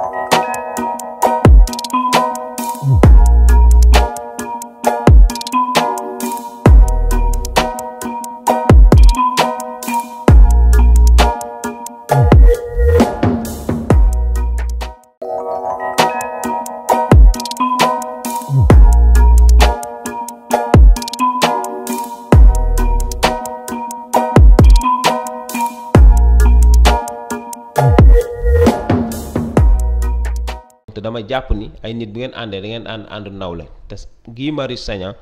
Thank you. jàpp ni ay nit bu ngeen àndee da ngeen ànd àndu nawle te gii Marius Sagna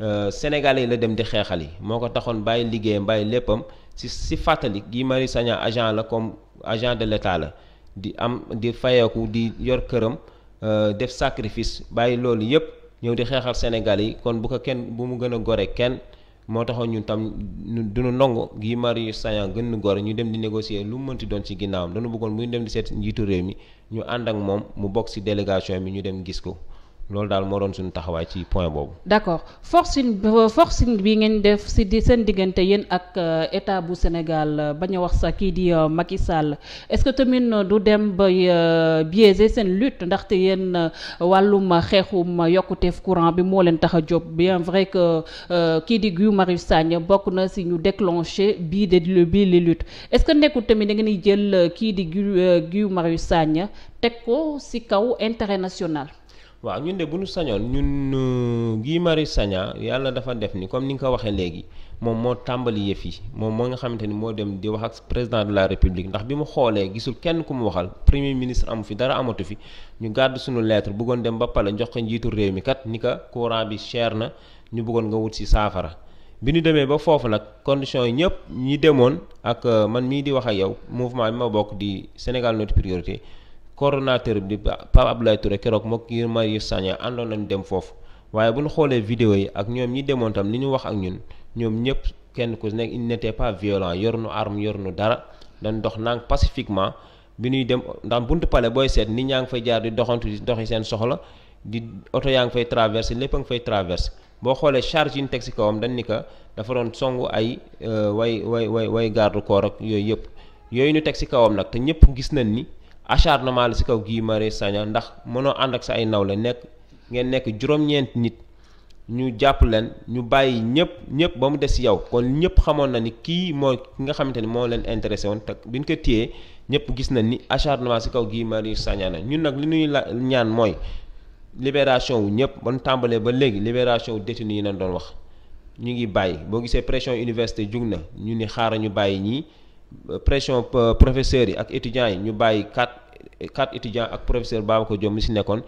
euh, sénégalais yi la dem di xeexal yi moo ko taxoon bàyyi liggéeyam bàyyi léppam si si fàttali gii Marius Sagna agent la comme agent de l'État la di am di fayeeku di yor këram euh, def sacrifice bàyyi loolu yépp ñëw di xeexal sénégalais yi kon bu ko kenn bu mu gën a gore kenn moo taxoon ñun tam duñu ndongo Guy Marius Sagna gën ñu góor ñu dem di négocier lu mu mënti doon ci ginnaawam dañu bëggoon bu ñu dem di seet njiitu réew mi ñu ànd ak moom mu bokk ci délégation bi ñu dem gis ko loolu daal moo doon suñu taxawaay ci point boobu. d'accord forcing euh, forcing bi ngeen def si di seen diggante yéen ak euh, état bu Sénégal euh, bañ a wax sax kii di Macky Sall est-ce que tamit du dem ba biaiser seen lutte ndaxte yéen wàllum xeexum yokkuteef courant bi moo leen tax a jóg bien vrai que kii di Guy Marius Sagna bokk na si ñu déclenché bii de bii li lutte est-ce que nekkul tamit da ngeen di jël kii di Guy Marius Sagna teg ko si kaw intérêt national. waaw ñun de bu ñu sañoon ñun euh, Guy mari sañaa yàlla dafa def ni comme ni nga ko waxee léegi moom moo tàmbali yëf yi moom moo nga xamante ni moo dem di wax ak président de la république ndax bi mu xoolee gisul kenn ku mu waxal premier ministre amu fi dara amatu fi ñu gàdd suñu lettre bëggoon dem ba pale jox ko njiitu réew mi kat ni ka courant bi cher na ñu bëggoon nga wut si saafara bi ñu demee ba foofu nag conditions yi ñëpp ñi demoon ak euh, man mii di wax ak yow mouvement bi bokk di Sénégal notre priorité. coordonnateur bi di Pape Abdoulaye Touré keroog mook Guy Marius Sagna àndoon nañ dem foofu waaye bu ñu xoolee vidéo yi ak ñoom ñi demoon tam ni ñu wax ak ñun ñoom ñëpp kenn ku nekk il n'était pas violent yor nu arme yoru nu dara dañ dox nang pacifiquement bi nuy dem ndax buntu pale booy seet nit ñaa ngi fay jaar di doxantu di doxi seen soxla di oto yaa ngi fay traversé lépp a ngi fay traversé boo xoolee charge yi ñu teg si kawam dañ ni ka dafa doon songu ay euh, way way way way garde corps ak yooyu yëpp yooyu ñu teg si kawam nag acharnement la si kaw gii Marius Sagna ndax mënoo ànd ak sa ay nawle nekk ngeen nekk juróom-ñeent nit ñu jàpp leen ñu bàyyi ñëpp ñëpp ba mu des yow kon ñëpp xamoon na ni kii mooy ki nga xamante ni moo leen intéressé woon te bi ñu ko téyee ñëpp gis nañ ni acharnement si kaw Guy Marius saña na ñun nag li ñuy la ñaan mooy libération wu ñëpp ba ñu tàmbalee ba léegi libération wu détenu yi nañ doon wax ñu ngi bàyyi boo gisee pression université jug na ñu ni xaaral ñu bàyyi ñii. pression professeurs yi ak étudiants yi ñu bàyyi quatre quatre étudiants ak professeur Babacar Diop mi si nekkoon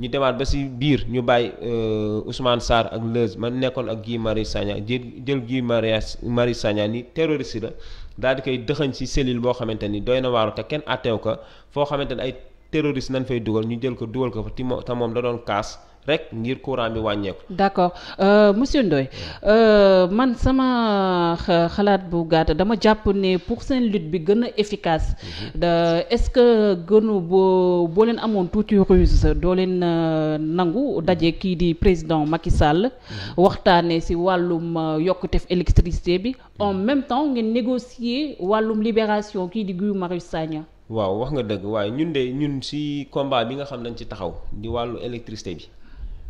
ñu demaat ba si biir ñu bàyyi euh, Ousmane Sarr ak Leuze man nekkoon ak Guy Marius Sagna jël jël Guy Marius Marius Sagna ni terroriste la daal di koy dëxañ si cellule boo xamante ni doy na waaru te kenn àtteew ka foo xamante ni ay terroriste nañ fay dugal ñu jël ko dugal ko fa te moom da doon kaas. rek ngir courant bi wàññeeku. d'accord euh, monsieur Ndoye euh, man sama xalaat bu gàtt dama jàpp ne pour seen lutte bi gën a efficace mhm. est-ce que gënu boo boo leen amoon tuuti ruse doo leen euh, nangu daje kii di président Macky Sall mhm. waxtaanee ci wàllum yokkutef électricité bi mhm. en même temps ngeen négocier wàllum libération kii di Guy Marius Sagna. waaw wax nga dëgg waaye ñun de ñun ci combat bi nga xam nañ ci taxaw di wàllu électricité bi.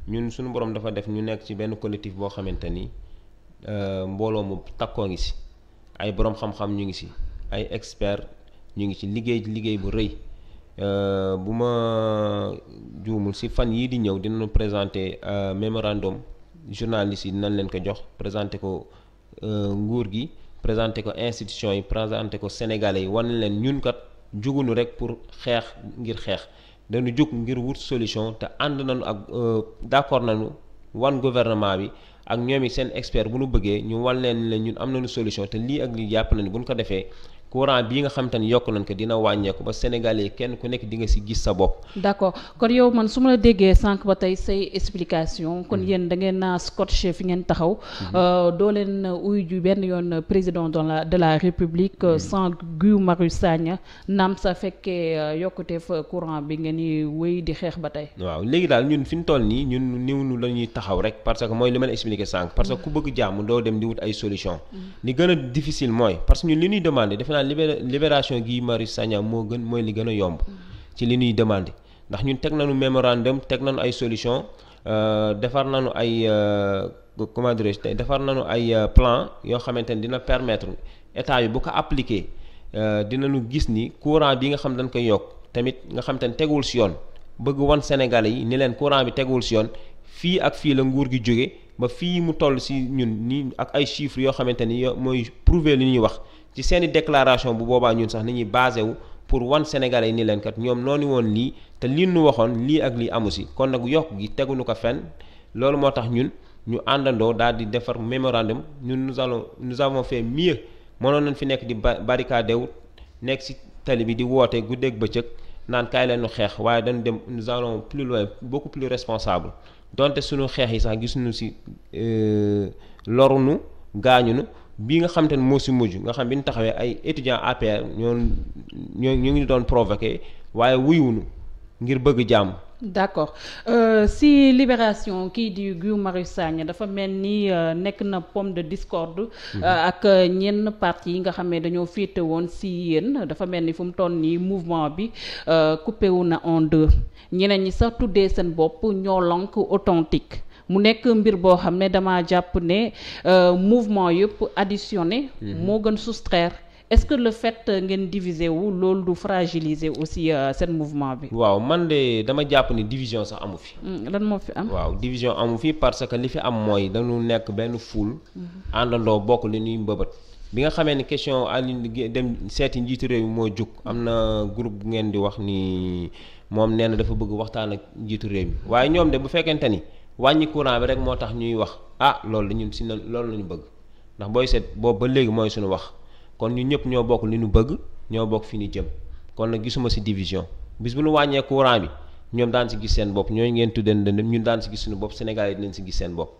ñun suñu borom dafa def ñu nekk ci benn collectif boo xamante ni euh, mbooloo mu takkoo ngi si ay borom xam-xam ñu ngi si ay expert ñu ngi ci liggéey liggéey bu rëy euh, bu ma juumul si fan yii di ñëw dinañu présenter euh, mémorandum journalistes yi dinañ leen ko jox présenter ko nguur gi présenter ko institution yi présenter ko sénégalais yi wan leen ñun kat jugunu rek pour xeex ngir xeex dañu jóg ngir wut solution te ànd nañu ak euh, d'accord nañu wan gouvernement bi ak ñoom i seen expert bu ñu bëggee ñu wan leen ne ñun am na nañu solution te lii ak lii jàpp nañu bu ñu ko defee courant bii nga xam te yokk nañ ko dina wàññeeku ba Sénégalais yi kenn ku nekk di nga si gis sa bopp. d'accord kon yow man su ma la déggee sànq ba tey say explication kon mm-hmm. yéen da ngeen naa scotché fi ngeen taxaw. Mm-hmm. Euh, doo leen uyu ju benn yoon président de la de la république euh, mm-hmm. sans Guy Marius Sagna naam sa fekkee euh, yokkuteef courant bi ngeen di wéy di xeex ba tey. waaw léegi daal ñun fi ñu toll nii ñun niw nu la ñuy taxaw rek parce que mooy li ma la expliqué sànq. parce que ku bëgg jàmm doo dem di wut ay solution li gën difficile mooy parce que ñun li ñuy demandé naa libération Guy Marius Sagna moo gën mooy li gën a yomb ci li ñuy demandé ndax ñun teg nañu mémorandum teg nañu ay solution euh, defar nañu ay euh, comment dirais-je tey defar nañu ay euh, plan yoo xamante ni dina permettre état yi bu ko appliqué dinañu gis ni courant bi nga xam dañ koy yokk tamit nga xam te ne teguwul si yoon bëgg wan sénégal yi ni leen courant bi teguwul si yoon fii ak fii la nguur gi jóge ba fii mu toll si ñun ni ak ay chiffres yoo xamante ni mooy prouver li ñuy wax ci seeni déclaration bu boobaa ñun sax nañuy basé wu pour wan sénégalais yi ni leen kat ñoom noonu woon lii te lii nu waxoon lii ak lii amu si kon nag yokk gi tegu teguñu ko fenn loolu moo tax ñun ñu àndandoo daal di defar mémorandum ñun nous allons nous avons fait mënoon nañ fi nekk di barricade wu nekk si tali bi di woote guddeeg bëccëg naan kaay leen nu xeex waaye dañu dem nous allons plus responsable donte suñu xeex yi sax gisuñu si euh, lorunu gaañunu bii nga xam ne moo si mujj nga xam bi ñu taxawee ay étudiants APR ñoo ñoo ñu ngi doon provoqué waaye wuyuwunu ngir bëgg jàmm d' accord euh, si libération kii di Guy Marius dafa mel ni euh, nekk na pomme de discorde. Mhm. Euh, ak euh, ñenn parti yi nga xam ne dañoo féete woon si yéen dafa mel ni fu mu toll nii mouvement bi euh, coupé wu na en deux ñeneen ñi sax tuddee seen bopp ñoo lonk authentique mu nekk mbir boo xam ne dama jàpp ne mouvement yëpp additionné. Mhm. moo gën soustraire. est-ce que le fait euh, ngeen diviser wu loolu du fragiliser aussi euh, seen mouvement bi. waaw man de dama jàpp ni division sax amu fi. Hmm, lan moo fi am. waaw division amu fi parce que li fi am mooy dañu nekk benn foule. Hmm. àndandoo bokk li ñuy mbëbët. bi nga xamee ni question Alioune dem seeti njiitu réew mi moo jug am na groupe bu ngeen di wax ni moom nee na dafa bëgg waxtaan ak njiitu réew mi waaye ñoom de bu fekkente ni wàññi courant bi rek moo tax ñuy wax ah lool la si loolu la ñu bëgg ndax booy seet boobu ba léegi mooy suñu wax. kon ñu ñëpp ñoo bokk li ñu bëgg ñoo bokk fi ñu jëm kon nag gisuma ci division bis bu ñu wàññee courant bi ñoom daan si gis seen bopp ñooy ngeen tuddee ndëndëm ñun daan si gis suñu bopp Sénégal yi dinañ ci gis seen bopp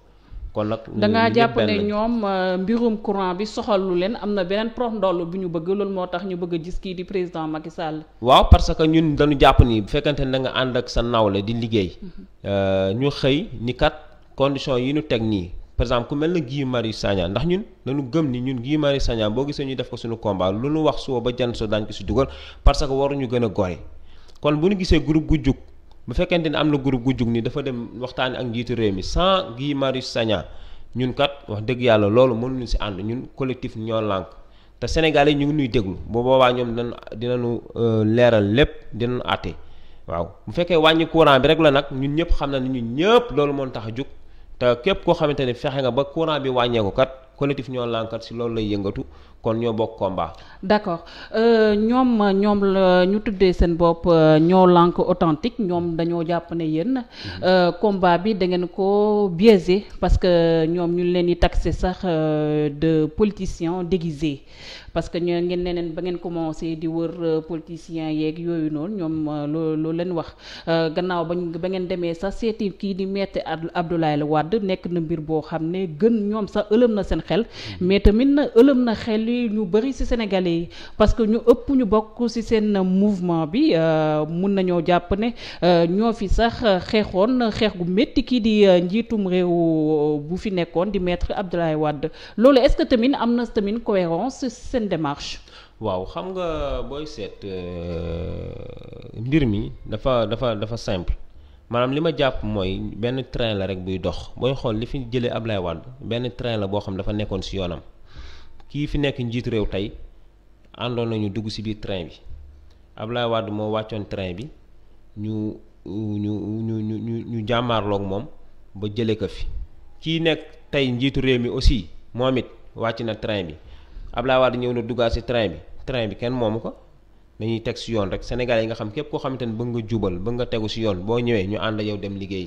kon nag da ngaa jàpp ne ñoom euh, mbirum courant bi soxalu leen am na beneen prox ndoll bu ñu bëgg loolu moo tax ñu bëgg a gis kii di président Macky Sall. waaw parce que ñun dañu jàpp nii bu fekkente ne da nga ànd ak sa nawle di liggéey. Mm-hmm. Euh, ñu xëy ni kat yi ñu teg nii par exemple ku mel na Guy Marius saña ndax ñun dañu gëm ni ñun Guy Marius saña boo gisee ñu def ko suñu combat lu ñu wax suba ba jant so daañ ko si dugal parce que war ñu gën a gore kon bu ñu gisee groupe gu jug bu fekkente ne am na groupe gu jug ni dafa dem waxtaan waxtaani ak njiitu réew mi sans Guy Marius saña ñun kat wax dëgg yàlla loolu mënuñu si ànd ñun collectif ñoo lànk te Sénégalais yi ñu ngi nuy déglu bu boobaa ñoom dinañu dinañu euh, leeral lépp dinañu àtte waaw bu fekkee wàññi courant bi rek la nag ñun ñëpp xam na ni ñëpp loolu moo tax a jug te képp koo xamante ni fexe nga ba courant bi wàññeeku kat collectif ñoo lànkat si loolu lay yëngatu kon ñoo bokk combat. d'accord euh, ñoom ñoom la ñu tuddee seen bopp euh, ñoo lànk authentique ñoom dañoo jàpp ne yéen mhm. euh, combat bi da ngeen ko biaisé parce que ñoom ñu leen di taxé sax de politiciens déguisés parce que ñoo ngeen neneen ba ngeen commencé di wër politiciens yeeg yooyu noonu ñoom loo loolu leen wax gannaaw ba ba ngeen demee sax seeti kii di metti Abdoulaye Wade nekk na mbir boo xam ne gën ñoom sax ëlëm na seen xel mm-hmm. mais tamit na ëlëm na xel yi ñu bëri ci sénégalais yi parce que ñu ëpp ñu bokk ci seen mouvement bi euh, mun nañoo jàpp ne euh, ñoo fi sax xeexoon xeex gu métti kii di euh, njiitum réew bu fi nekkoon di maître Abdoulaye Wade loolu est-ce que tamit am na tamit cohérence ci seen démarche waaw xam nga booy seet mbir mi dafa dafa dafa simple maanaam li ma jàpp mooy benn train la rek buy dox booy xool li fi jëlee Ablaye Wade benn train la boo xam dafa nekkoon si yoonam kii fi nekk njiitu réew tey àndoon na ñu dugg ci biir train bi Ablaye Wade moo wàccoon train bi ñu ñu ñu ñu ñu ñu jàmmaarloog moom ba jëlee ko fi kii nekk tey njiitu réew mi aussi moom it wàcc na train bi Ablaye Wade ñëw na duggaat ci train bi train bi kenn moomu ko. dañuy teg si yoon rek Sénégal yi nga xam képp koo xamante ne bëgg nga jubal bëgg nga tegu si yoon boo ñëwee ñu ànd yow dem liggéey